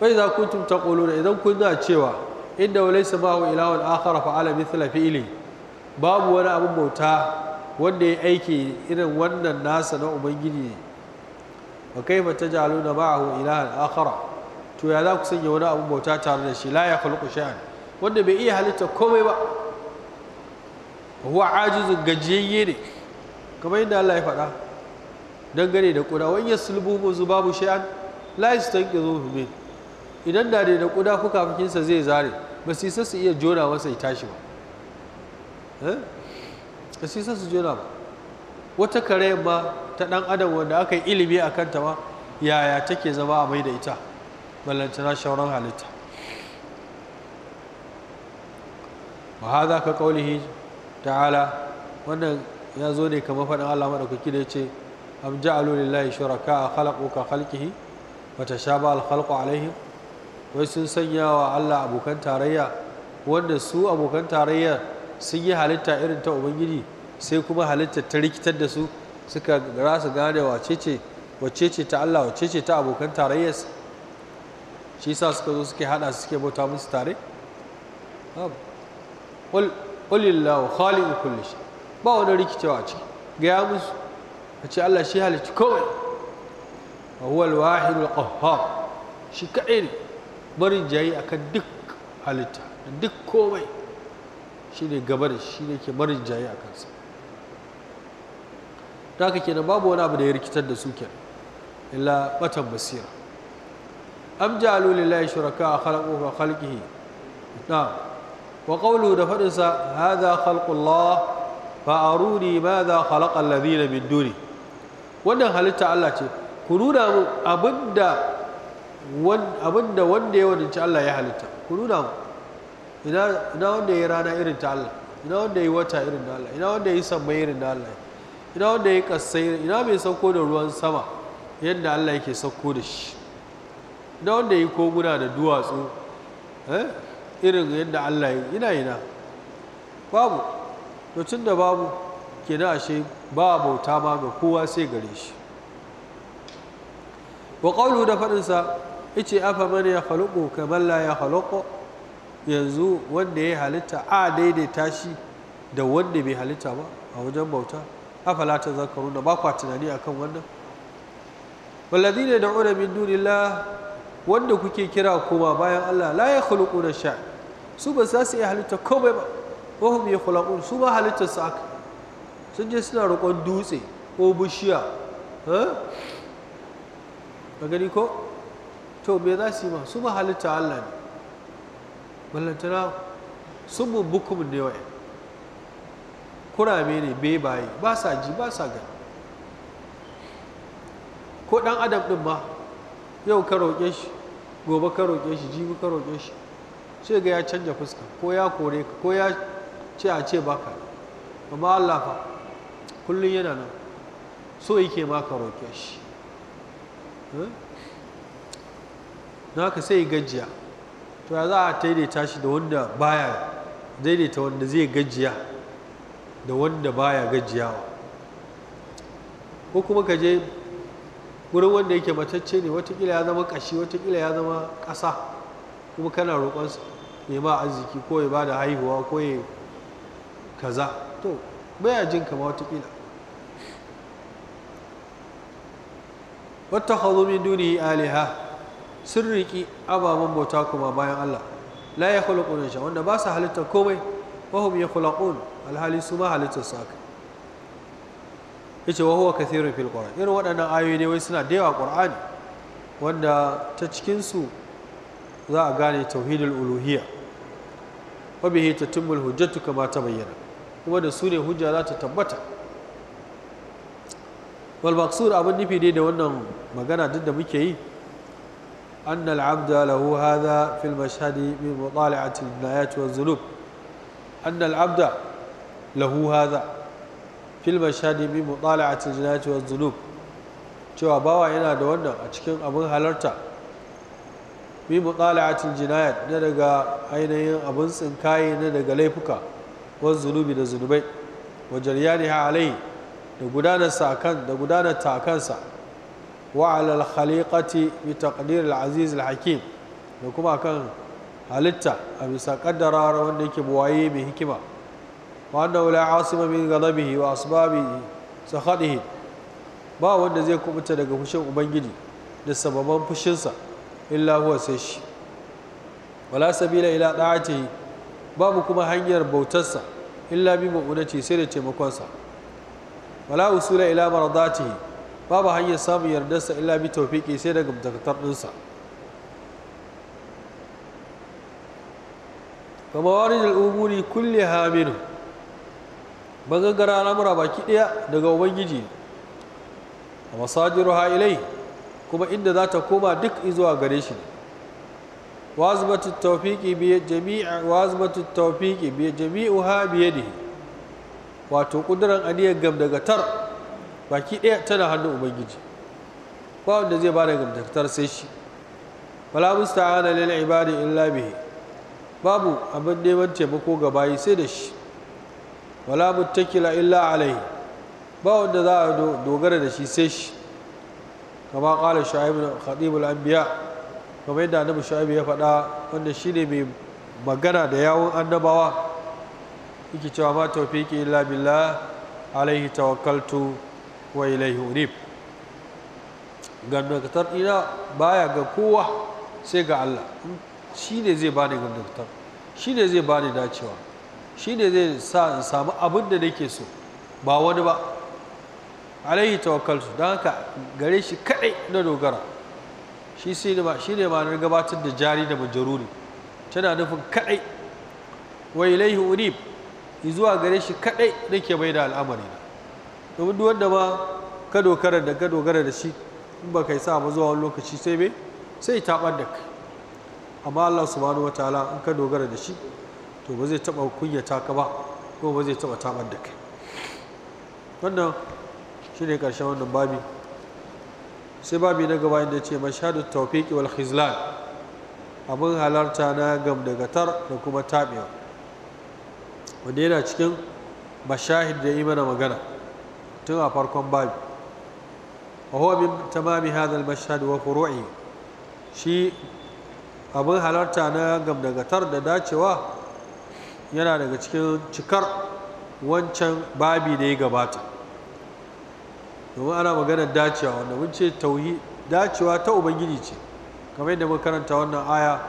[SPEAKER 1] bai za ku kuntum taquluna idan kun na cewa inda walaysa ma'ahu ilahun akhar fa'ala mithla fi'li babu wani abin bauta wanda ya aiki irin wannan nasa na ubangiji wa kaifa taj'aluna ma'ahu ilahan akhar to ya za ku sanya wani abin bauta tare da shi la ya khuluqu shay'an wanda bai iya halitta komai ba huwa ajizu gajiyayye ne kamar yadda Allah ya faɗa dangane da ƙuda. wani yaslubu an babu ta la zo min idan da da ƙuda kuka fikinsa zai zare ba su yi su iya jona wasa ya tashi ba eh? ba su yi su jona ba wata kare ma ta ɗan adam wanda aka yi ilimi a kanta ma yaya take zama a mai da ita ballantana shauran halitta wa hadha ka qawlihi ta'ala wannan ya zo ne kamar faɗin Allah madaukaki da yace am ja'alu lillahi shuraka khalaqu ka khalqihi wa tashaba al khalqu alaihim wai sun sanya wa Allah abokan tarayya wanda su abokan tarayya sun yi halitta irin ta ubangiji sai kuma halitta ta rikitar da su suka rasa gane wace ce wacce ce ta Allah wacce ce ta abokan tarayyar shi suke hada suke bauta musu tare ƙulillahu khaliqu kulli shay ba wani rikicewa a ciki gaya musu a ce Allah shi halicci kawai wa huwa al-wahidul qahhar shi kaɗai ne barin jayi akan duk halitta da duk komai shi ne gaba da shi ne ke barin jayi a kansa da haka kenan babu wani abu da ya rikitar da su kenan illa batan basira am ja'alu lillahi shuraka khalaqu wa khalqihi na'am wa qawlu da faɗinsa hadha khalqullah fa aruni madha khalaqa alladhina min duni wannan halitta Allah ce ku nuna mu abinda abinda wanda ya wadance Allah ya halitta ku nuna mu ina wanda ya yi rana irin ta Allah ina wanda ya yi wata irin da Allah ina wanda ya yi sammai irin da Allah ina wanda ya yi kasai ina mai sauko da ruwan sama yadda Allah yake sauko da shi ina wanda ya yi koguna da duwatsu eh irin yadda Allah yi ina ina babu to tun da babu ke na ashe ba a bauta ma ga kowa sai gare shi wa ƙaunu da faɗinsa sa ce afa man ya khaluqu kamar la ya khaluqu yanzu wanda ya halitta a daidaita shi da wanda bai halitta ba a wajen bauta afa ta zakaru da bakwa tunani tunani akan wannan ne da'una min dunillah wanda kuke kira kuma bayan Allah la ya na sha'i. su ba za su iya halitta komai ba wahum ya kulakun su ba halittar su aka sun je suna roƙon dutse ko bishiya ba gani ko to me za su yi ma su ba halitta Allah ne ballantana sun mu bukum ne Kura kurame ne bebaye ba sa ji ba sa gani ko ɗan adam ɗin ma yau ka roƙe shi gobe ka roƙe shi jibi ka roƙe shi sai ga ya canja fuska ko ya kore ka ko ya ce a ce baka amma Allah fa kullum yana nan so yake ma ka roƙe shi eh? na ka sai gajiya to ya za a taidaita shi da wanda baya daidaita wanda zai gajiya da wanda baya gajiyawa ko kuma ka je wurin wanda yake matacce ne watakila ya zama ƙashi watakila ya zama ƙasa kuma kana roƙon ya a arziki ko ya ba da haihuwa ko ya kaza to baya jin kama watakila wata min dunihi aliha sun riƙi ababen bauta kuma bayan Allah la ya kula sha wanda ba su halittar komai wa kula ƙun alhali su ma halittar su haka. yace wa huwa kathirun fil qur'an irin waɗannan ayoyi ne wai suna da yawa qur'ani wanda ta cikin su za a gane tauhidul uluhiyya wa bihi tatimmul hujjatu kama ta bayyana kuma da su ne hujja za ta tabbata wal maqsud abin nufi dai da wannan magana duk da muke yi أن العبد له هذا في المشهد من مطالعة الجنايات والذنوب أن العبد له هذا في المشهد من مطالعة الجنايات والذنوب cewa bawa yana da wannan a cikin abin halarta bi mutala'atil jinayat na daga ainihin abin tsinkaye na daga laifuka wa zunubi da zunubai wa jaryaniha alai da gudanar sakan da gudanar takansa wa alal khaliqati bi taqdir al aziz al hakim da kuma kan halitta a bisa kaddara wanda yake buwaye mai hikima wa annahu la asima min ghadabihi wa asbabihi sakhadihi ba wanda zai kubuta daga fushin ubangiji da sababan fushinsa illa huwa sai shi wala sabila ila da'atihi babu kuma hanyar bautarsa illa bi mu'unati sai da taimakonsa wala usula ila maradatihi babu hanyar samun yardarsa illa bi tawfiqi sai da kamar dinsa fa mawarid al-umuri kulliha minhu bagagara al'amura baki daya daga ubangiji wa masajiruha ilayhi kuma inda za ta koma duk izuwa gare shi wazbatu tawfiqi bi jami'a wazbatu tawfiqi bi jami'uha bi yadihi wato kuduran aliyar gam daga tar baki ɗaya tana hannun ubangiji ba wanda zai bada gam daga tar sai shi wala musta'ana lil ibadi illa bihi babu abin neman taimako ga bayi sai da shi wala muttakila illa alaihi ba wanda za a dogara da shi sai shi kama ƙala shu'aibul khatibul anbiya kamar yadda annabi shu'aib ya faɗa wanda shi ne mai magana da yawun annabawa yake cewa ma tawfiqi illa billah alaihi tawakkaltu wa ilaihi unib gandankatar ina baya ga kowa sai ga Allah shi ne zai bani gandankatar shi ne zai bani dacewa shi ne zai sa in samu abin da nake so ba wani ba alaihi tawakkaltu don haka gare shi kadai na dogara shi sai ne ma'anar gabatar da jari da majaruri tana nufin kadai wa ilaihi unib zuwa gare shi kadai nake bai da al'amari na domin duk wanda ma ka dogara da ka dogara da shi in ba kai sa ba zuwa wani lokaci sai me sai taɓar da kai amma Allah subhanahu wataala in ka dogara da shi to ba zai taɓa kunyata ka ba ko ba zai taɓa taɓar da kai wannan shine karshen wannan babi sai babi na gaba inda ce mashhadu tawfiqi wal khizlan abin halarta na gamdagatar da kuma tabiwa wanda yana cikin mashahid da imana magana tun a farkon babi wa huwa min tamami hadha al mashhad wa furu'i shi abin halarta na gamdagatar da dacewa yana daga cikin cikar wancan babi da ya gabata domin ana maganar dacewa wanda mun ce tauhi dacewa ta ubangiji ce kamar yadda muka karanta wannan aya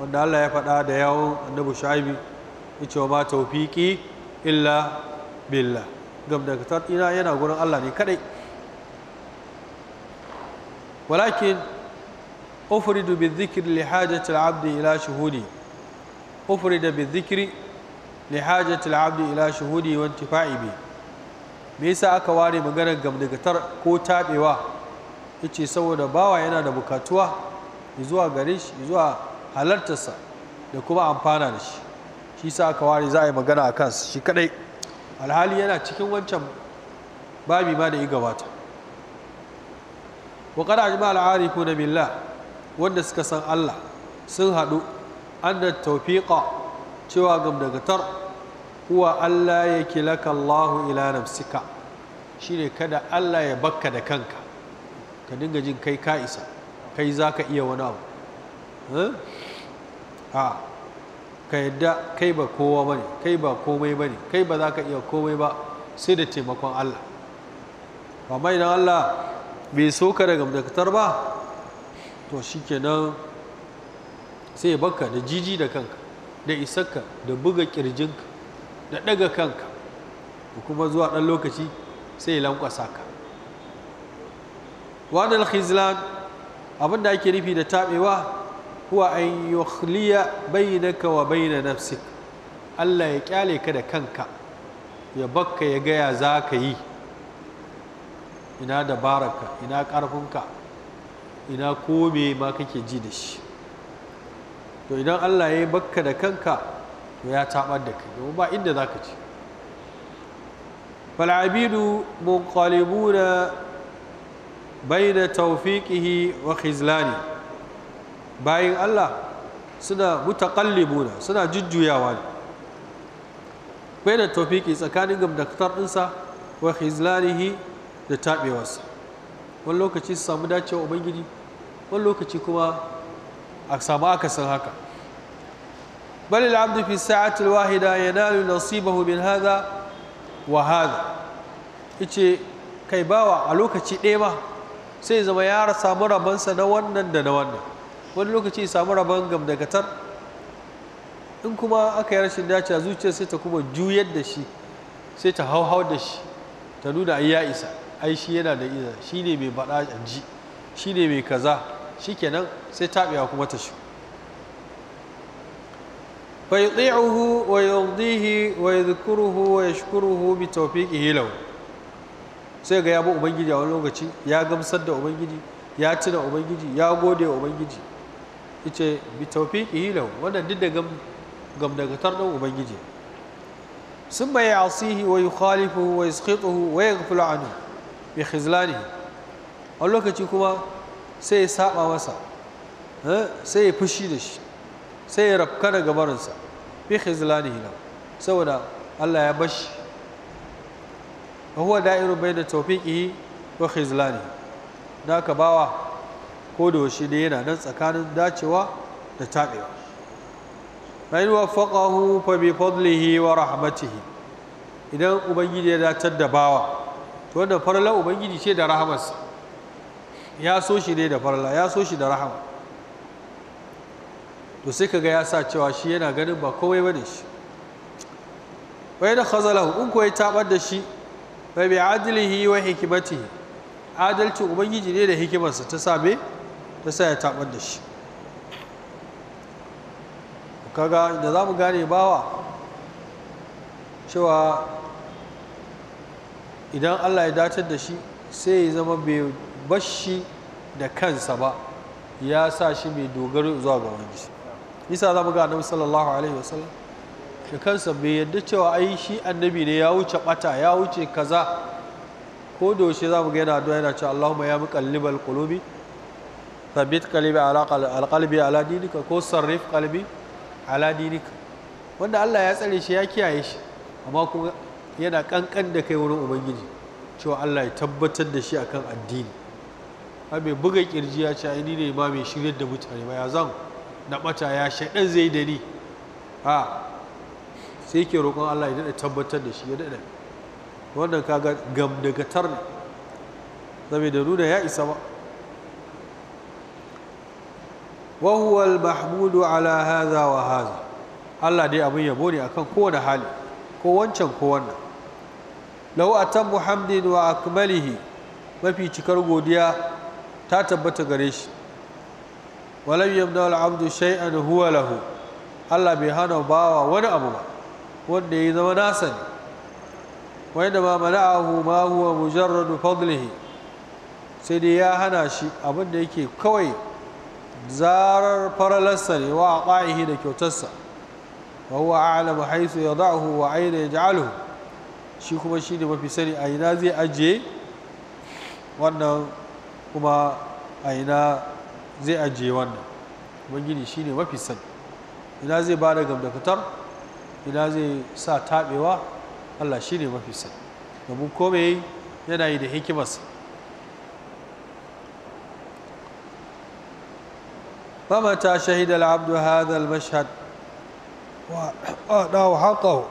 [SPEAKER 1] wanda Allah ya faɗa da yawon annabi shu'aibi yace wa ma tawfiqi illa billah gam da ta ina yana gurin Allah ne kadai walakin أفرد بالذكر لحاجة العبد إلى شهوده أفرد بالذكر لحاجة ila Shuhudi شهوده وانتفاع به me yasa aka ware maganar gamdagatar ko taɓewa ya ce saboda bawa yana da bukatuwa zuwa gare shi zuwa halartarsa da kuma amfana da shi shi sa aka ware za a yi magana a kansa shi kadai alhali yana cikin wancan babi ma da ya gabata wa qad ajma al na billah wanda suka san Allah sun haɗu an da tawfiqa cewa gamdagatar huwa Allah ya kilaka Allahu ila nafsika shine kada Allah ya bakka da kanka ka dinga jin kai ka isa kai za ka iya wani abu ha ka yadda kai ba kowa ba ne kai ba komai ba ne kai ba za ka iya komai ba sai da taimakon Allah Ba mai idan Allah bai so ka daga dakatar ba to shikenan sai ya bakka da jiji da kanka da isakka da buga kirjinka da ɗaga kanka kuma zuwa ɗan lokaci sai lankwasa ka wadal khizlan abinda da ake nufi da taɓewa huwa an yukhliya bainaka wa baina nafsik Allah ya kyale ka da kanka ya bakka ya gaya za ka yi ina baraka ina ƙarfinka ina kome ma kake ji da shi to idan Allah ya bakka da kanka to ya tabar da kai ba inda za ka ci fal'abidu bai da tawfiqihi wa khizlani bayin Allah suna mutaqallibuna suna jujjuyawa ne da tawfiqi tsakanin gamdakatar ɗinsa wa khizlanihi da taɓewarsa wani lokaci su samu dacewa ubangiji wani lokaci kuma a samu akasin haka بل العبد في الساعة الواحدة ينال نصيبه من هذا وهذا yace kai bawa a lokaci ɗaya ma sai zama ya samu rabansa na wannan da na wannan wani lokaci samu rabon gamdagatar in kuma aka yi rashin dace zuciyar sai ta kuma juyar da shi sai ta hauhau da shi ta nuna ai ya isa ai shi yana da iza shi ne mai baɗa ji shi ne mai kaza shikenan sai taɓewa kuma ta shigo فيطيعه ويرضيه ويذكره ويشكره بتوفيقه له sai ga ya bi ubangiji a wani lokaci ya gamsar da ubangiji ya tuna ubangiji ya gode wa ubangiji ice bi tawfiqihi lahu wannan duk da gam gam daga tar tardan ubangiji sun bai asihi wa yukhalifu wa yasqituhu wa yaghfilu anhu bi khizlanihi a lokaci kuma sai ya saba masa eh, sai ya fushi da shi sai ya rafka daga barinsa bi khizlanihi hina saboda Allah ya bashi wa huwa da'iru bayna tawfiqihi wa khizlani da ka bawa ko da shi da yana nan tsakanin dacewa da tabewa fa in waffaqahu fa bi fadlihi wa rahmatihi idan ubangiji ya datar da bawa to wannan farla ubangiji ce da rahamarsa ya so shi ne da farla ya so shi da rahama to sai kaga ya sa cewa shi yana ganin ba kowai bane shi wai da khazalahu in ko ya tabar da shi fa bi adlihi wa hikmatihi adalci ubangiji ne da hikimarsa ta sabe ta sa ya tabar da shi kaga da za mu gane bawa cewa idan allah ya datar da shi sai ya zama bai bashi da kansa ba ya sa shi mai dogaro zuwa ga wani nisa za mu ga annabi sallallahu alaihi wasallam da kansa bai yadda cewa ai shi annabi ne ya wuce bata ya wuce kaza ko da yaushe za mu ga yana addu'a yana cewa Allahumma ya muqallibal qulubi thabbit qalbi ala qalbi ala dinika ko sarrif qalbi ala dinika wanda Allah ya tsare shi ya kiyaye shi amma kuma yana kankan da kai wurin ubangiji cewa Allah ya tabbatar da shi akan addini har bai buga kirji ya ce ai ni ne ma mai shirya da mutane ba ya zamu na bata ya shaidan zai da ni a sai ke roƙon Allah ya daɗa tabbatar da shi ya daɗa wannan kaga gam da gatar ne zame da nuna ya isa ba wa huwa al-mahmudu ala hadha wa hadha Allah dai abin yabo ne akan kowane hali ko wancan ko wannan a atammu muhammadin wa akmalihi mafi cikar godiya ta tabbata gare shi walam yamna al shay'an huwa lahu Allah bai hana bawa wani abu ba wanda ya zama nasa ne wa inda ma mana'ahu ma huwa mujarradu fadlihi sai dai ya hana shi abin da yake kawai zarar faralarsa ne wa aqaihi da kyautarsa wa huwa a'lamu haythu yad'uhu wa ayna yaj'aluhu shi kuma shi ne mafi sani a ina zai ajiye wannan kuma a ina zai ajiye wannan ubangiji shine mafi sani ina zai ba da gamdakatar ina zai sa taɓewa allah shine mafi sani domin kome yana yi da hikimarsa فمتى شهد العبد هذا المشهد وأعطاه حقه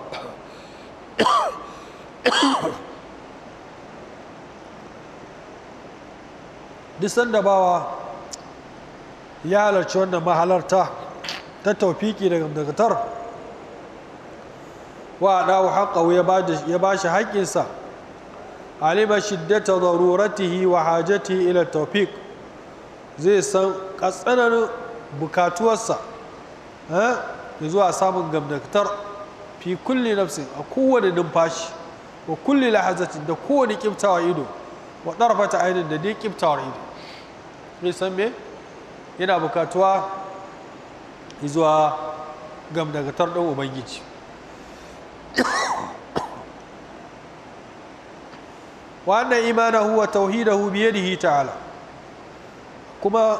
[SPEAKER 1] duk sanda bawa ya halarci wannan mahalarta ta taufiki daga dakatar wa dawo haƙawu ya ba shi haƙƙinsa alima shiddata zaruratihi wa hajatihi ila taufik zai san katsanan bukatuwarsa eh, ya zuwa samun gamdakatar fi kulli nafsin a kowane numfashi wa kulli lahazatin da kowane kiftawa ido wa ɗarfata ainihin da dai kiftawar ido. san me? yana bukatuwa zuwa gam daga ɗan ubangiji wannan imanahu wa tauhidahu biyadihi ta'ala kuma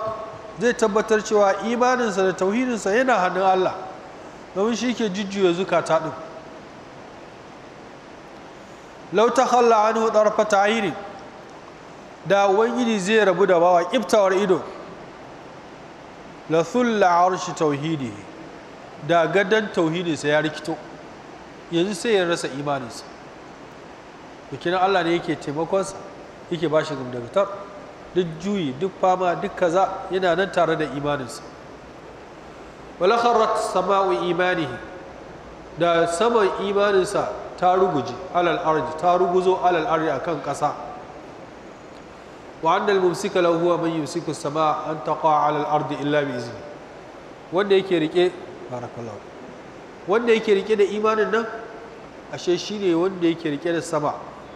[SPEAKER 1] zai tabbatar cewa imaninsa da tauhidinsa yana hannun Allah domin shi ke jujjuya zukata ɗin lau ta halla anhu ɗarfata aini da ubangiji zai rabu da bawa ƙiftawar ido la thulla arshi tauhidi da gadon tauhidinsa ya rikito yanzu sai ya rasa imaninsa bikinan Allah ne yake taimakonsa yake ba shi gumdagatar duk juyi duk fama duk kaza yana nan tare da imaninsa wala sama'u imanihi da saman imaninsa ta ruguji alal ta ruguzo alal a kan ƙasa. wa annal mumsika lahu sama an wanda yake rike barakallahu wanda yake rike da imanin nan ashe shine wanda yake rike da sama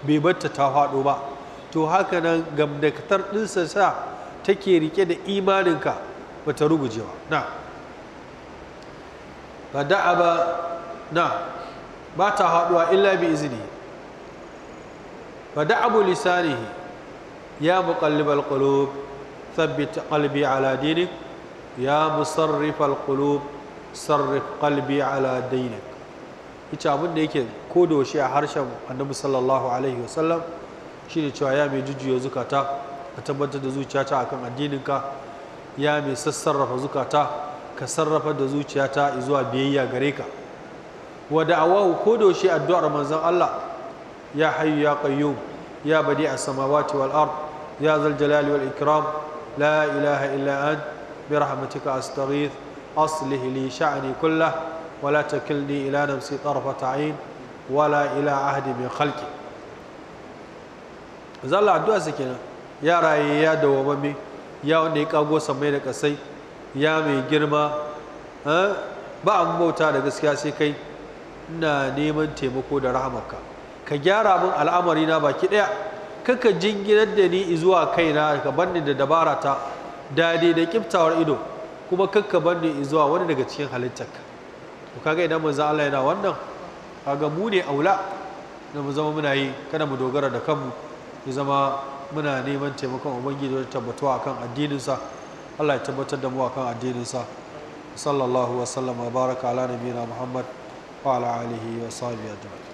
[SPEAKER 1] bai batta ta fado ba to haka nan gamdakatar ɗinsa sa take rike da imaninka ba ta ruguje ba na ba ba na ba ta izini ba يا مقلب القلوب ثبت قلبي على دينك يا مصرف القلوب sarrif qalbi ala ita abin da yake kodaushe a harshen annabi sallallahu alaihi wasallam shine cewa ya mai jujjuya zukata a tabbatar da zuciyata akan addininka ya mai sassarrafa zukata ka sarrafa da zuciyata zuwa biyayya gare ka wa da'awahu kodaushe addu'ar manzan Allah ya hayu ya qayyum ya badi a samawati wal ard يا ذا الجلال والإكرام لا إله إلا أنت برحمتك أستغيث أصله لي شعني كله ولا تكلني إلى نفسي طرفة عين ولا إلى عهد من خلقي zalla addu'a su kenan ya raye ya dawwamamme ya wanda kago samai da kasai ya mai girma ba an bauta da gaskiya sai kai ina neman taimako da rahamarka ka gyara min al'amari baki ɗaya. kaka jinginar da ni zuwa kaina ka banni da dabara ta dade da kiftawar ido kuma kaka banni zuwa wani daga cikin halittarka to kaga idan manzo Allah yana wannan kaga mu ne aula da mu zama muna yi kada mu dogara da kanmu mu zama muna neman taimakon ubangiji don tabbatuwa akan addininsa Allah ya tabbatar da mu akan addininsa sallallahu wa sallama baraka ala nabiyina muhammad wa ala alihi wa sahbihi ajma'in